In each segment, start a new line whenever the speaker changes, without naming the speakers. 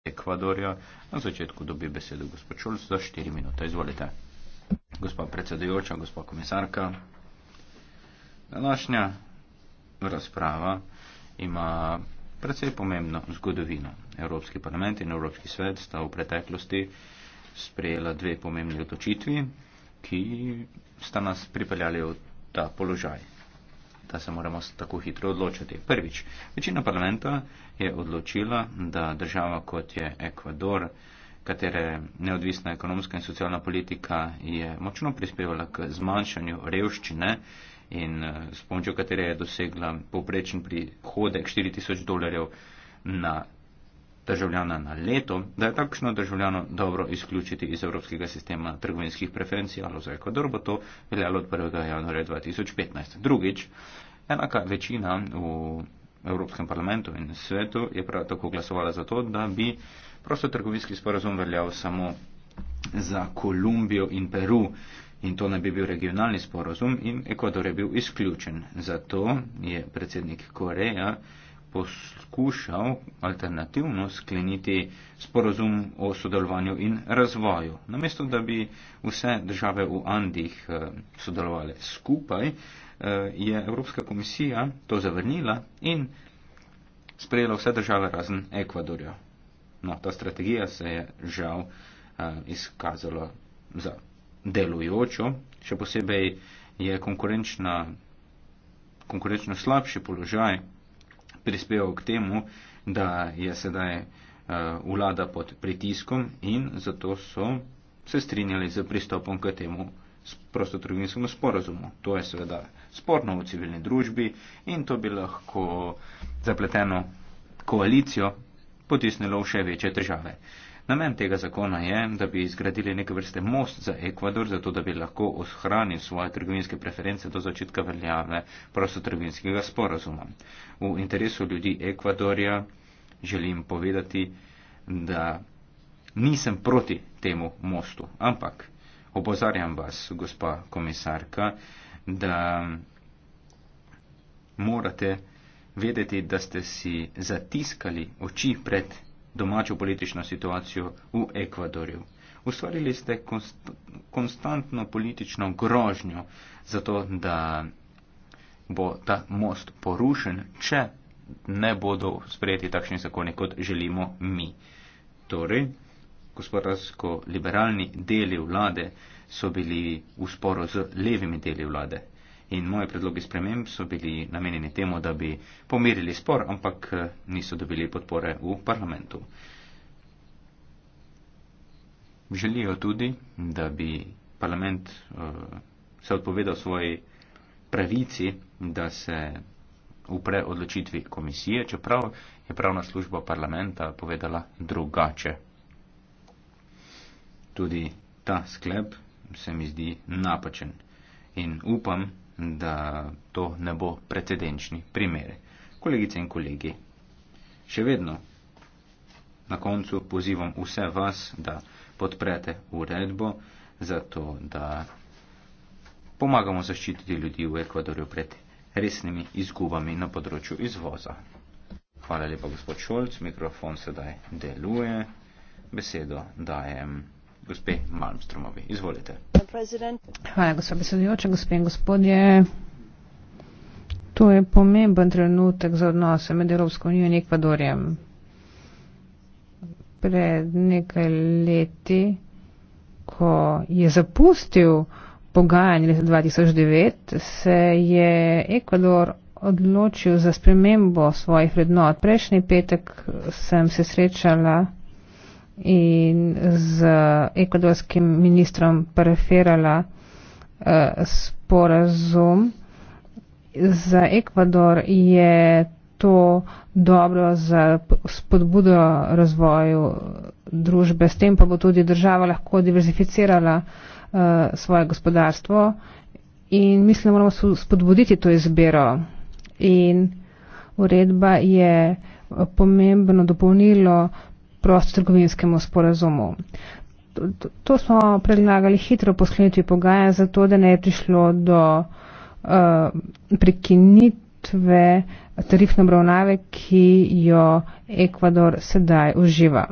Ekvadorja. Na začetku dobi besedo gospod Šulc za 4 minute. Izvolite. Gospa predsedujoča, gospa komisarka, današnja razprava ima predvsej pomembno zgodovino. Evropski parlament in Evropski svet sta v preteklosti sprejela dve pomembni odločitvi, ki sta nas pripeljali v ta položaj da se moramo tako hitro odločiti. Prvič, večina parlamenta je odločila, da država kot je Ekvador, katere neodvisna ekonomska in socialna politika je močno prispevala k zmanjšanju revščine in eh, s pomočjo katere je dosegla poprečen prihodek 4000 dolarjev na državljana na leto, da je takšno državljano dobro izključiti iz evropskega sistema trgovinskih preferencij, ali za Ekvador bo to veljalo od 1. januarja 2015. Drugič, enaka večina v Evropskem parlamentu in svetu je prav tako glasovala za to, da bi prosto trgovinski sporazum veljal samo za Kolumbijo in Peru. In to ne bi bil regionalni sporozum in Ekvador je bil izključen. Zato je predsednik Koreja poskušal alternativno skleniti sporozum o sodelovanju in razvoju. Namesto, da bi vse države v Andih eh, sodelovali skupaj, eh, je Evropska komisija to zavrnila in sprejela vse države razen Ekvadorja. No, ta strategija se je žal eh, izkazala za delujočo, še posebej je konkurenčno slabši položaj prispeval k temu, da je sedaj uh, vlada pod pritiskom in zato so se strinjali z pristopom k temu prostotrgovinskemu sporazumu. To je seveda sporno v civilni družbi in to bi lahko zapleteno koalicijo potisnilo v še večje težave. Uh, Namen tega zakona je, da bi zgradili neke vrste most za Ekvador, zato da bi lahko ohranil svoje trgovinske preference do začetka veljave prostotrgovinskega sporazuma. V interesu ljudi Ekvadorja želim povedati, da nisem proti temu mostu, ampak opozarjam vas, gospa komisarka, da morate vedeti, da ste si zatiskali oči pred domačo politično situacijo v Ekvadorju. Ustvarili ste konst, konstantno politično grožnjo zato, da bo ta most porušen, če ne bodo sprejeti takšni zakoni, kot želimo mi. Torej, gospodarsko-liberalni deli vlade so bili v sporo z levimi deli vlade in moje predloge sprememb so bili namenjeni temu, da bi pomirili spor, ampak eh, niso dobili podpore v parlamentu. Želijo tudi, da bi parlament uh, se odpovedal svoji pravici, da se upre odločitvi komisije, čeprav je pravna služba parlamenta povedala drugače. Tudi ta sklep se mi zdi napačen in upam, da to ne bo precedenčni primer. Kolegice in kolegi, še vedno na koncu pozivam vse vas, da podprete uredbo, zato da pomagamo zaščititi ljudi v Ekvadorju pred resnimi izgubami na področju izvoza. Hvala lepa, gospod Šolc. Mikrofon sedaj deluje. Besedo dajem gospe Malmstromovi. Izvolite.
Hvala, gospod predsedujoča, gospe in gospodje. To je pomemben trenutek za odnose med Evropsko unijo in Ekvadorjem. Pred nekaj leti, ko je zapustil pogajanje leta 2009, se je Ekvador odločil za spremembo svojih vrednot. Prejšnji petek sem se srečala in z ekvadorskim ministrom preferala eh, sporazum. Za Ekvador je to dobro za spodbudo razvoju družbe, s tem pa bo tudi država lahko diverzificirala eh, svoje gospodarstvo in mislim, da moramo spodbuditi to izbiro. In uredba je eh, pomembno dopolnilo prostotrgovinskemu sporazumu. To, to, to smo predlagali hitro po sklenitvi pogaja, zato da ne je prišlo do uh, prekinitve tarifne obravnave, ki jo Ekvador sedaj uživa.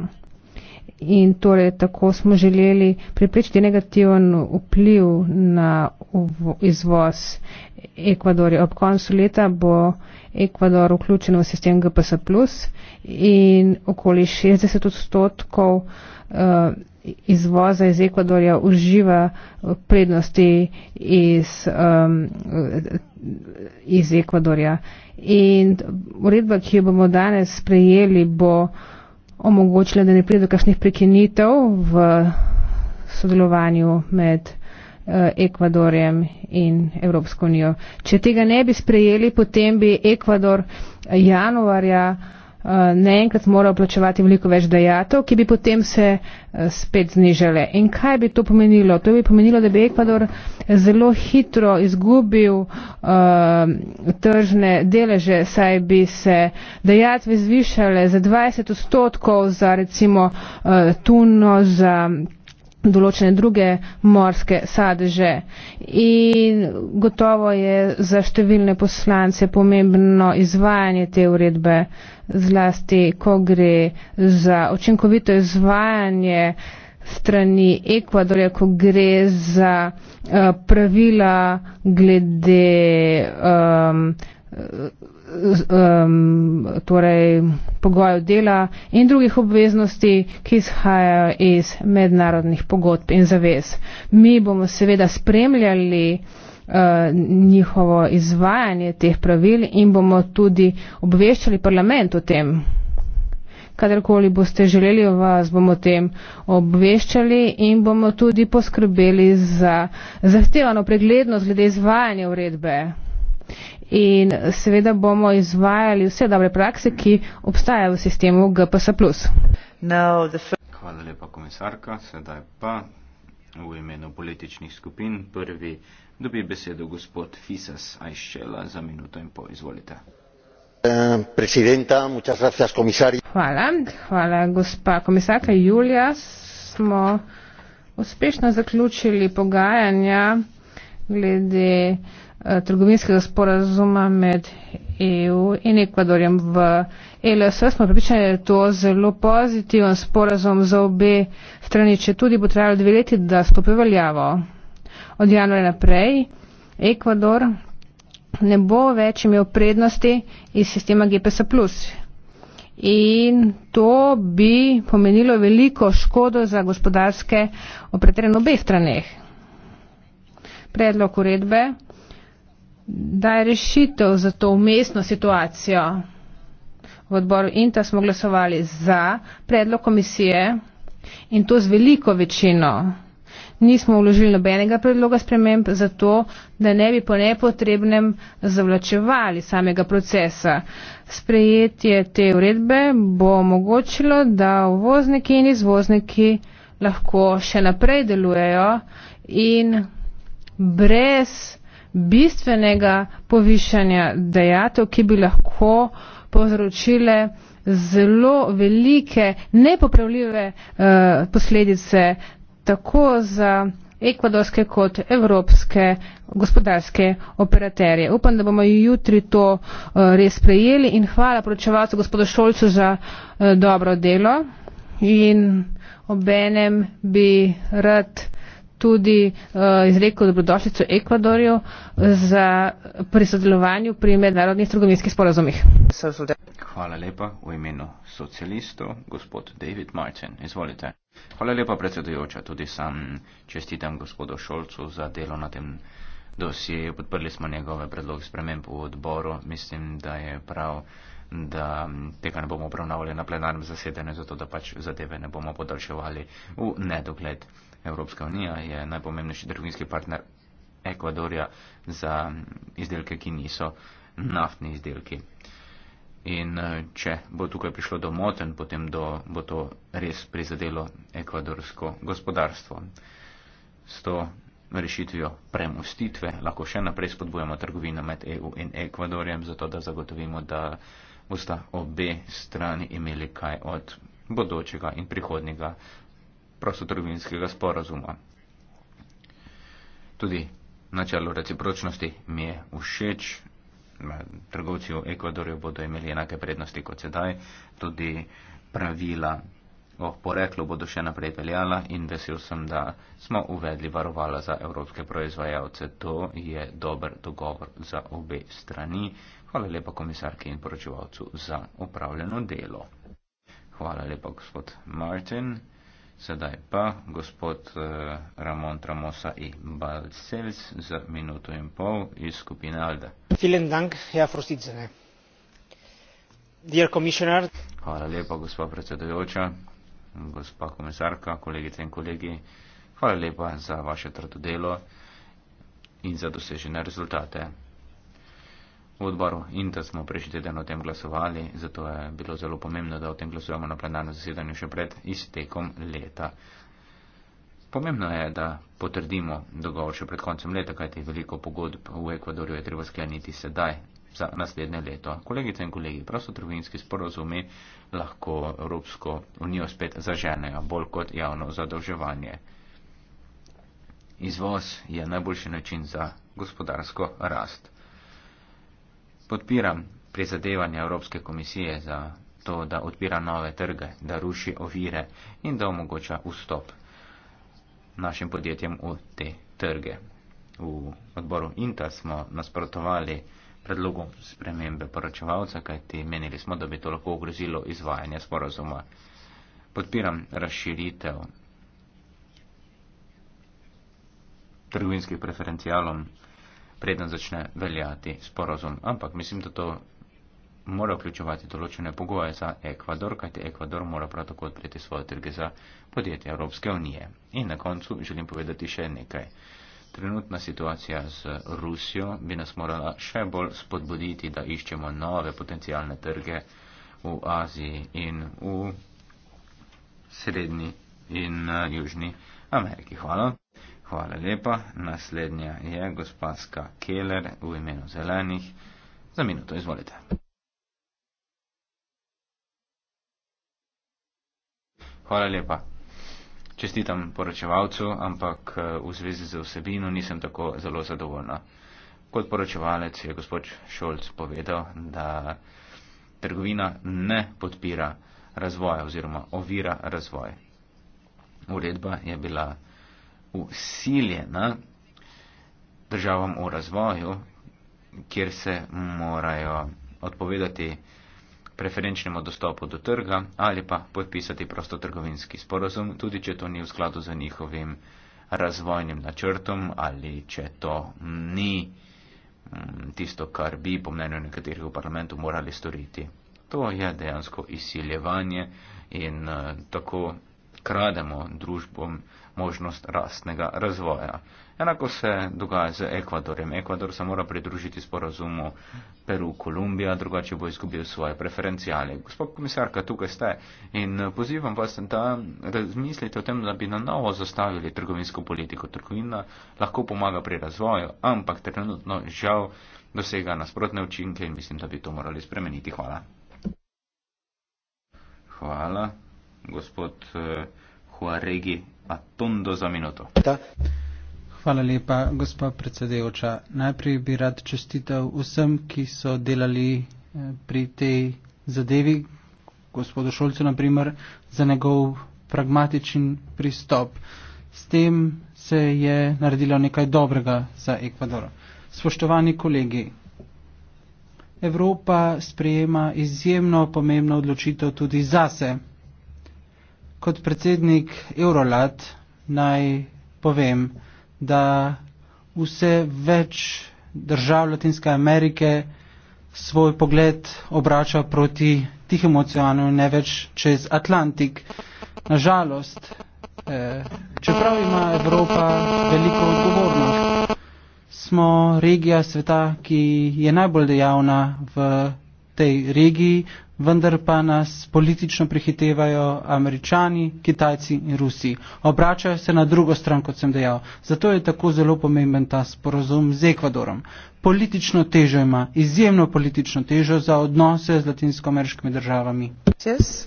In torej tako smo želeli preprečiti negativen vpliv na uvo, izvoz Ekvador. Ob koncu leta bo Ekvador vključen v sistem GPS in okoli 60 odstotkov eh, izvoza iz Ekvadorja uživa eh, prednosti iz, um, iz Ekvadorja. In uredba, ki jo bomo danes sprejeli, bo omogočila, da ne pride do kakšnih prekinitev v sodelovanju med Eh, Ekvadorjem in Evropsko unijo. Če tega ne bi sprejeli, potem bi Ekvador eh, januarja eh, naenkrat moral plačevati veliko več dajatov, ki bi potem se spet znižale. In kaj bi to pomenilo? To bi pomenilo, da bi Ekvador zelo hitro izgubil uh, tržne deleže, saj bi se dajatve zvišale za 20 odstotkov za recimo uh, tuno, za določene druge morske sadeže. In gotovo je za številne poslance pomembno izvajanje te uredbe, zlasti ko gre za očinkovito izvajanje strani Ekvadorja, ko gre za uh, pravila glede um, um, torej pogojev dela in drugih obveznosti, ki izhajajo iz mednarodnih pogodb in zavez. Mi bomo seveda spremljali eh, njihovo izvajanje teh pravil in bomo tudi obveščali parlament o tem. Kadarkoli boste želeli, vas bomo o tem obveščali in bomo tudi poskrbeli za zahtevano preglednost glede izvajanja uredbe in seveda bomo izvajali vse dobre prakse, ki obstajajo v sistemu GPS.
Hvala lepa, komisarka. Sedaj pa v imenu političnih skupin prvi dobi besedo gospod Fisas Ajščela za minuto in pol. Izvolite.
Eh, hvala, hvala gospa komisarka Julija. Smo uspešno zaključili pogajanja glede Eh, trgovinskega sporazuma med EU in Ekvadorjem v ELS. Smo pripričani, da je to zelo pozitiven sporazum za obe strani, če tudi bo trajalo dve leti, da stopi veljavo. Od januarja naprej Ekvador ne bo več imel prednosti iz sistema GPS. In to bi pomenilo veliko škodo za gospodarske operatere na obeh straneh. Predlog uredbe da je rešitev za to umestno situacijo. V odboru INTA smo glasovali za predlog komisije in to z veliko večino. Nismo vložili nobenega predloga sprememb za to, da ne bi po nepotrebnem zavlačevali samega procesa. Sprejetje te uredbe bo omogočilo, da uvozniki in izvozniki lahko še naprej delujejo in brez bistvenega povišanja dejatev, ki bi lahko povzročile zelo velike nepopravljive uh, posledice tako za ekvadorske kot evropske gospodarske operaterje. Upam, da bomo jutri to uh, res prejeli in hvala poročevalcu gospodu Šolcu za uh, dobro delo in obenem bi rad tudi uh, izrekel dobrodošlico Ekvadorju za prisodelovanju pri mednarodnih trgovinskih sporazumih.
Hvala lepa v imenu socialistov, gospod David Martin. Izvolite. Hvala lepa, predsedujoča. Tudi sam čestitam gospodu Šolcu za delo na tem dosjeju. Podprli smo njegove predloge sprememb v odboru. Mislim, da je prav da tega ne bomo obravnavali na plenarnem zasedanju, zato da pač zadeve ne bomo podaljševali v nedogled. Evropska unija je najpomembnejši trgovinski partner Ekvadorja za izdelke, ki niso naftni izdelki. In eh, če bo tukaj prišlo do moten, potem do, bo to res prizadelo ekvadorsko gospodarstvo. S to rešitvijo premustitve lahko še naprej spodbujamo trgovino med EU in Ekvadorjem, zato da zagotovimo, da bosta obe strani imeli kaj od bodočega in prihodnjega prostotrgovinskega sporazuma. Tudi načelo recipročnosti mi je všeč. Trgovci v Ekvadorju bodo imeli enake prednosti kot sedaj, tudi pravila o poreklu bodo še naprej veljala in vesel sem, da smo uvedli varovala za evropske proizvajalce. To je dober dogovor za obe strani. Hvala lepa komisarki in poročevalcu za upravljeno delo. Hvala lepa, gospod Martin. Sedaj pa gospod eh, Ramon Tramosa i Balcels za minuto in pol iz skupine Alde. Hvala lepa, gospa predsedujoča, gospa komisarka, kolegice in kolegi. Hvala lepa za vaše trdo delo in za dosežene rezultate v odboru in da smo prejšnji teden o tem glasovali, zato je bilo zelo pomembno, da o tem glasujemo na plenarnem zasedanju še pred iztekom leta. Pomembno je, da potrdimo dogovor še pred koncem leta, kajti veliko pogodb v Ekvadorju je treba skleniti sedaj za naslednje leto. Kolegice in kolegi, prostotrovinski sporozumi lahko Evropsko unijo spet zaženejo, bolj kot javno zadolževanje. Izvoz je najboljši način za gospodarsko rast podpiram prizadevanja Evropske komisije za to, da odpira nove trge, da ruši ovire in da omogoča vstop našim podjetjem v te trge. V odboru INTA smo nasprotovali predlogu spremembe poročevalca, kajti menili smo, da bi to lahko ogrozilo izvajanje sporozuma. Podpiram razširitev trgovinskih preferencialov preden začne veljati sporozum. Ampak mislim, da to mora vključovati določene pogoje za Ekvador, kajti Ekvador mora prav tako odpreti svoje trge za podjetje Evropske unije. In na koncu želim povedati še nekaj. Trenutna situacija z Rusijo bi nas morala še bolj spodbuditi, da iščemo nove potencijalne trge v Aziji in v srednji in eh, južni Ameriki. Hvala. Hvala lepa. Naslednja je gospa Ska Keller v imenu zelenih. Za minuto izvolite. Hvala lepa. Čestitam poročevalcu, ampak eh, v zvezi z vsebino nisem tako zelo zadovoljna. Kot poročevalec je gospod Šolc povedal, da trgovina ne podpira razvoja oziroma ovira razvoj. Uredba je bila usiljena državam v razvoju, kjer se morajo odpovedati preferenčnemu dostopu do trga ali pa podpisati prostotrgovinski sporozum, tudi če to ni v skladu z njihovim razvojnim načrtom ali če to ni mm, tisto, kar bi po mnenju nekaterih v parlamentu morali storiti. To je dejansko izsiljevanje in eh, tako krademo družbom, možnost rastnega razvoja. Enako se dogaja z Ekvadorjem. Ekvador se mora pridružiti sporazumu Peru-Kolumbija, drugače bo izgubil svoje preferencijale. Gospod komisarka, tukaj ste in eh, pozivam vas, da razmislite o tem, da bi na novo zastavili trgovinsko politiko. Trgovina lahko pomaga pri razvoju, ampak trenutno žal dosega nasprotne učinke in mislim, da bi to morali spremeniti. Hvala. Hvala, gospod. Eh, Huaregi Atondo za minuto.
Hvala lepa, gospa predsedevoča. Najprej bi rad čestitev vsem, ki so delali eh, pri tej zadevi, gospodu Šolcu naprimer, za njegov pragmatičen pristop. S tem se je naredilo nekaj dobrega za Ekvador. Spoštovani kolegi, Evropa sprejema izjemno pomembno odločitev tudi zase kot predsednik Eurolat naj povem, da vse več držav Latinske Amerike svoj pogled obrača proti Tihemu oceanu in ne več čez Atlantik. Nažalost, eh, čeprav ima Evropa veliko odgovornost, smo regija sveta, ki je najbolj dejavna v tej regiji, vendar pa nas politično prihitevajo američani, kitajci in rusi. Obračajo se na drugo stran, kot sem dejal. Zato je tako zelo pomemben ta sporozum z Ekvadorom. Politično težo ima, izjemno politično težo za odnose z latinsko-ameriškimi državami. Yes.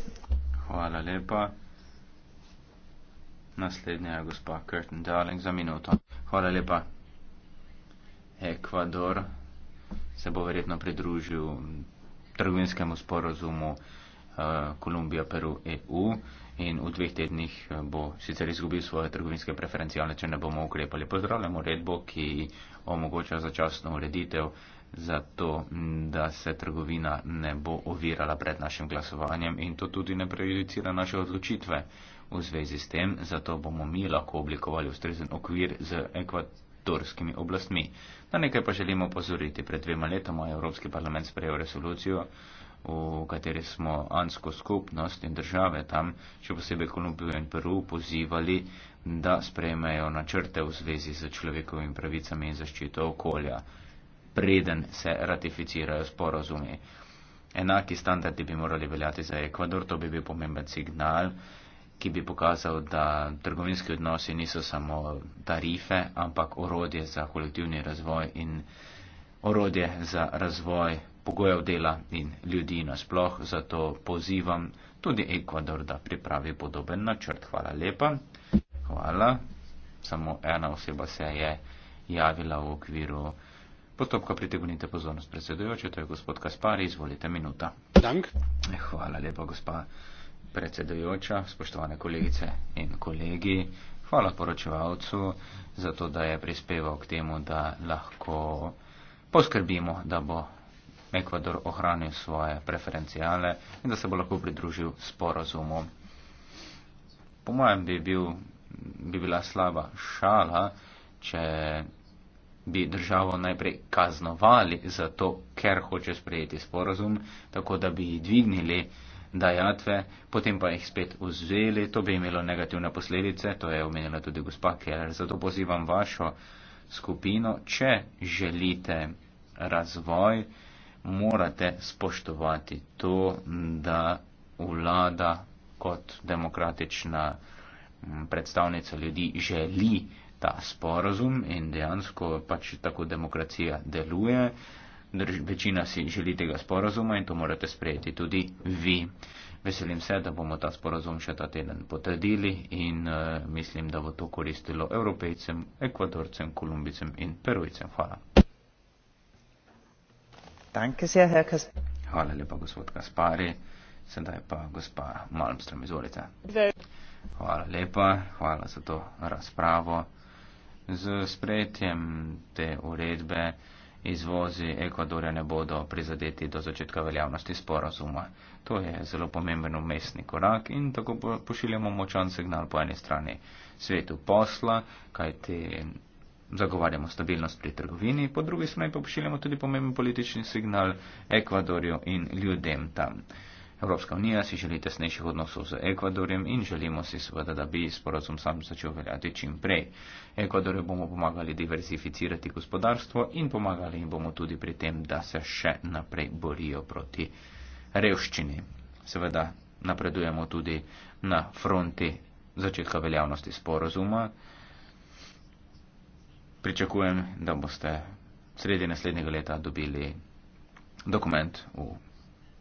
Hvala lepa. Naslednja je gospa Curtin Darling za minuto. Hvala lepa. Ekvador se bo verjetno pridružil trgovinskemu sporozumu eh, Kolumbija-Peru-EU in v dveh tednih eh, bo sicer izgubil svoje trgovinske preferencijale, če ne bomo ukrepali. Pozdravljamo redbo, ki omogoča začasno ureditev za to, da se trgovina ne bo ovirala pred našim glasovanjem in to tudi ne prejudicira naše odločitve v zvezi s tem, zato bomo mi lahko oblikovali ustrezen okvir z ekvator turskimi oblastmi. Na nekaj pa želimo pozoriti. Pred dvema letoma je Evropski parlament sprejel resolucijo, v kateri smo ansko skupnost in države tam, še posebej Kolumbijo in Peru, pozivali, da sprejmejo načrte v zvezi z človekovimi pravicami in zaščito okolja, preden se ratificirajo sporozumi. Enaki standardi bi morali veljati za Ekvador, to bi bil pomemben signal, ki bi pokazal, da trgovinski odnosi niso samo tarife, ampak orodje za kolektivni razvoj in orodje za razvoj pogojev dela in ljudi nasploh. Zato pozivam tudi Ekvador, da pripravi podoben načrt. Hvala lepa. Hvala. Samo ena oseba se je javila v okviru postopka pritegnite pozornost predsedujoče, to je gospod Kaspar, izvolite minuta. Dank. Hvala lepa, gospa predsedujoča, spoštovane kolegice in kolegi. Hvala poročevalcu za to, da je prispeval k temu, da lahko poskrbimo, da bo Ekvador ohranil svoje preferencijale in da se bo lahko pridružil sporozumu. Po mojem bi, bil, bi bila slaba šala, če bi državo najprej kaznovali za to, ker hoče sprejeti sporozum, tako da bi dvignili uh, dajatve, potem pa jih spet vzeli, to bi imelo negativne posledice, to je omenila tudi gospa Keller. Zato pozivam vašo skupino, če želite razvoj, morate spoštovati to, da vlada kot demokratična mm, predstavnica ljudi želi ta sporozum in dejansko pač tako demokracija deluje drž, večina si želi tega sporazuma in to morate sprejeti tudi vi. Veselim se, da bomo ta sporazum še ta teden potrdili in uh, mislim, da bo to koristilo evropejcem, ekvadorcem, kolumbicem in perujcem. Hvala. Hvala lepa, gospod Kaspari. Sedaj pa gospa Malmström, izvolite. Hvala lepa, hvala za to razpravo. Z sprejetjem te uredbe izvozi Ekvadorja ne bodo prizadeti do začetka veljavnosti sporazuma. To je zelo pomemben umestni korak in tako pošiljamo močan signal po eni strani svetu posla, kajti zagovarjamo stabilnost pri trgovini, po drugi strani pa pošiljamo tudi pomemben politični signal Ekvadorju in ljudem tam. Evropska unija si želi tesnejših odnosov z Ekvadorjem in želimo si seveda, da bi sporazum sam začel veljati čim prej. Ekvadorju bomo pomagali diversificirati gospodarstvo in pomagali jim bomo tudi pri tem, da se še naprej borijo proti revščini. Seveda napredujemo tudi na fronti začetka veljavnosti sporazuma. Pričakujem, da boste sredi naslednjega leta dobili dokument v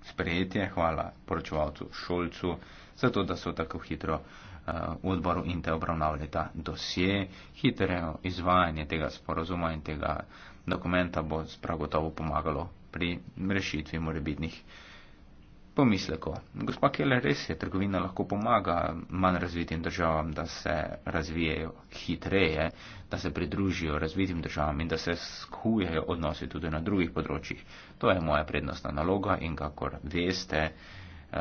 sprejetje, hvala poročevalcu Šolcu za to, da so tako hitro eh, v odboru in te obravnavali ta dosje. Hitre izvajanje tega sporozuma in tega dokumenta bo spragotovo pomagalo pri rešitvi morebitnih pomislekov. Gospa Keller, res je, trgovina lahko pomaga manj razvitim državam, da se razvijajo hitreje, da se pridružijo razvitim državam in da se skujejo odnosi tudi na drugih področjih. To je moja prednostna naloga in kakor veste, eh,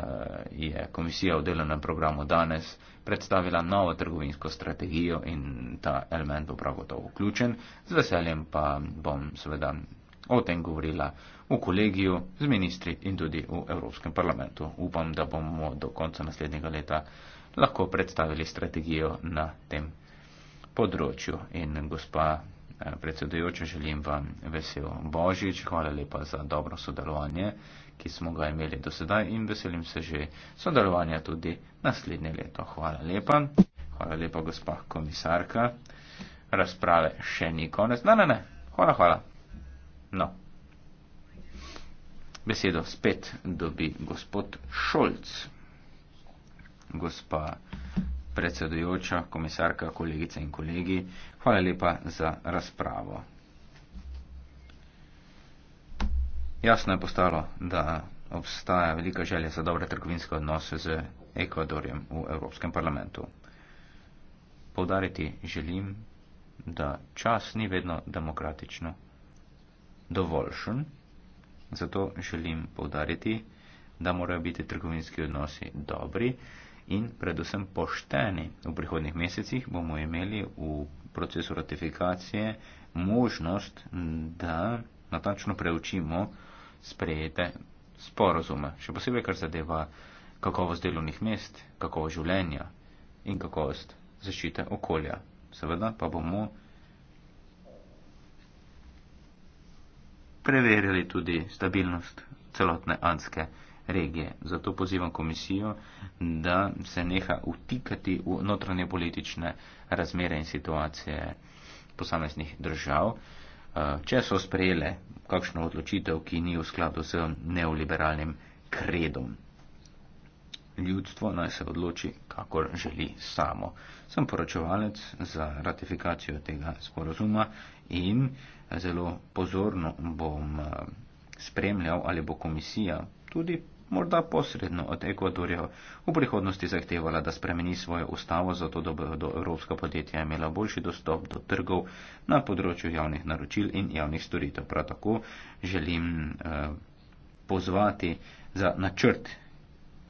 je komisija v delovnem programu danes predstavila novo trgovinsko strategijo in ta element bo prav gotovo vključen. Z veseljem pa bom seveda o tem govorila v kolegiju z ministri in tudi v Evropskem parlamentu. Upam, da bomo do konca naslednjega leta lahko predstavili strategijo na tem področju. In gospa eh, predsedujoča, želim vam vesel božič, hvala lepa za dobro sodelovanje, ki smo ga imeli do sedaj in veselim se že sodelovanja tudi naslednje leto. Hvala lepa. Hvala lepa, gospa komisarka. Razprave še ni konec. Ne, ne, ne. Hvala, hvala. No. Besedo spet dobi gospod Šolc, gospa predsedujoča, komisarka, kolegice in kolegi. Hvala lepa za razpravo. Jasno je postalo, da obstaja velika želja za dobre trgovinske odnose z Ekvadorjem v Evropskem parlamentu. Povdariti želim, da čas ni vedno demokratično dovoljšen. Zato želim povdariti, da morajo biti trgovinski odnosi dobri in predvsem pošteni. V prihodnih mesecih bomo imeli v procesu ratifikacije možnost, da natančno preučimo sprejete sporozume, še posebej kar zadeva kakovost delovnih mest, kakovost življenja in kakovost zaščite okolja. Seveda pa bomo preverili tudi stabilnost celotne anske regije. Zato pozivam komisijo, da se neha utikati v notranje politične razmere in situacije posameznih držav. Eh, če so sprejele kakšno odločitev, ki ni v skladu s neoliberalnim kredom ljudstvo naj se odloči, kakor želi samo. Sem poročevalec za ratifikacijo tega sporozuma in zelo pozorno bom eh, spremljal, ali bo komisija tudi morda posredno od Ekvadorja v prihodnosti zahtevala, da spremeni svojo ustavo, zato da bodo evropska podjetja imela boljši dostop do trgov na področju javnih naročil in javnih storitev. Prav tako želim eh, pozvati za načrt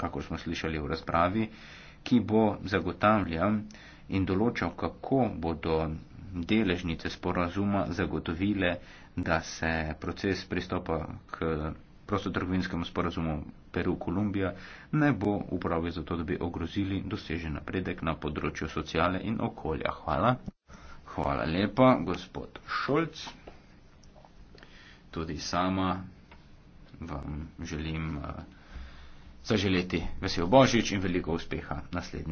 kakor smo slišali v razpravi, ki bo zagotavljal in določal, kako bodo deležnice sporazuma zagotovile, da se proces pristopa k prostotrgovinskemu sporazumu Peru-Kolumbija ne bo upravil za to, da bi ogrozili dosežen napredek na področju sociale in okolja. Hvala. Hvala lepa, gospod Šolc. Tudi sama vam želim. Uh, zaželeti vesel Božič in veliko uspeha naslednji.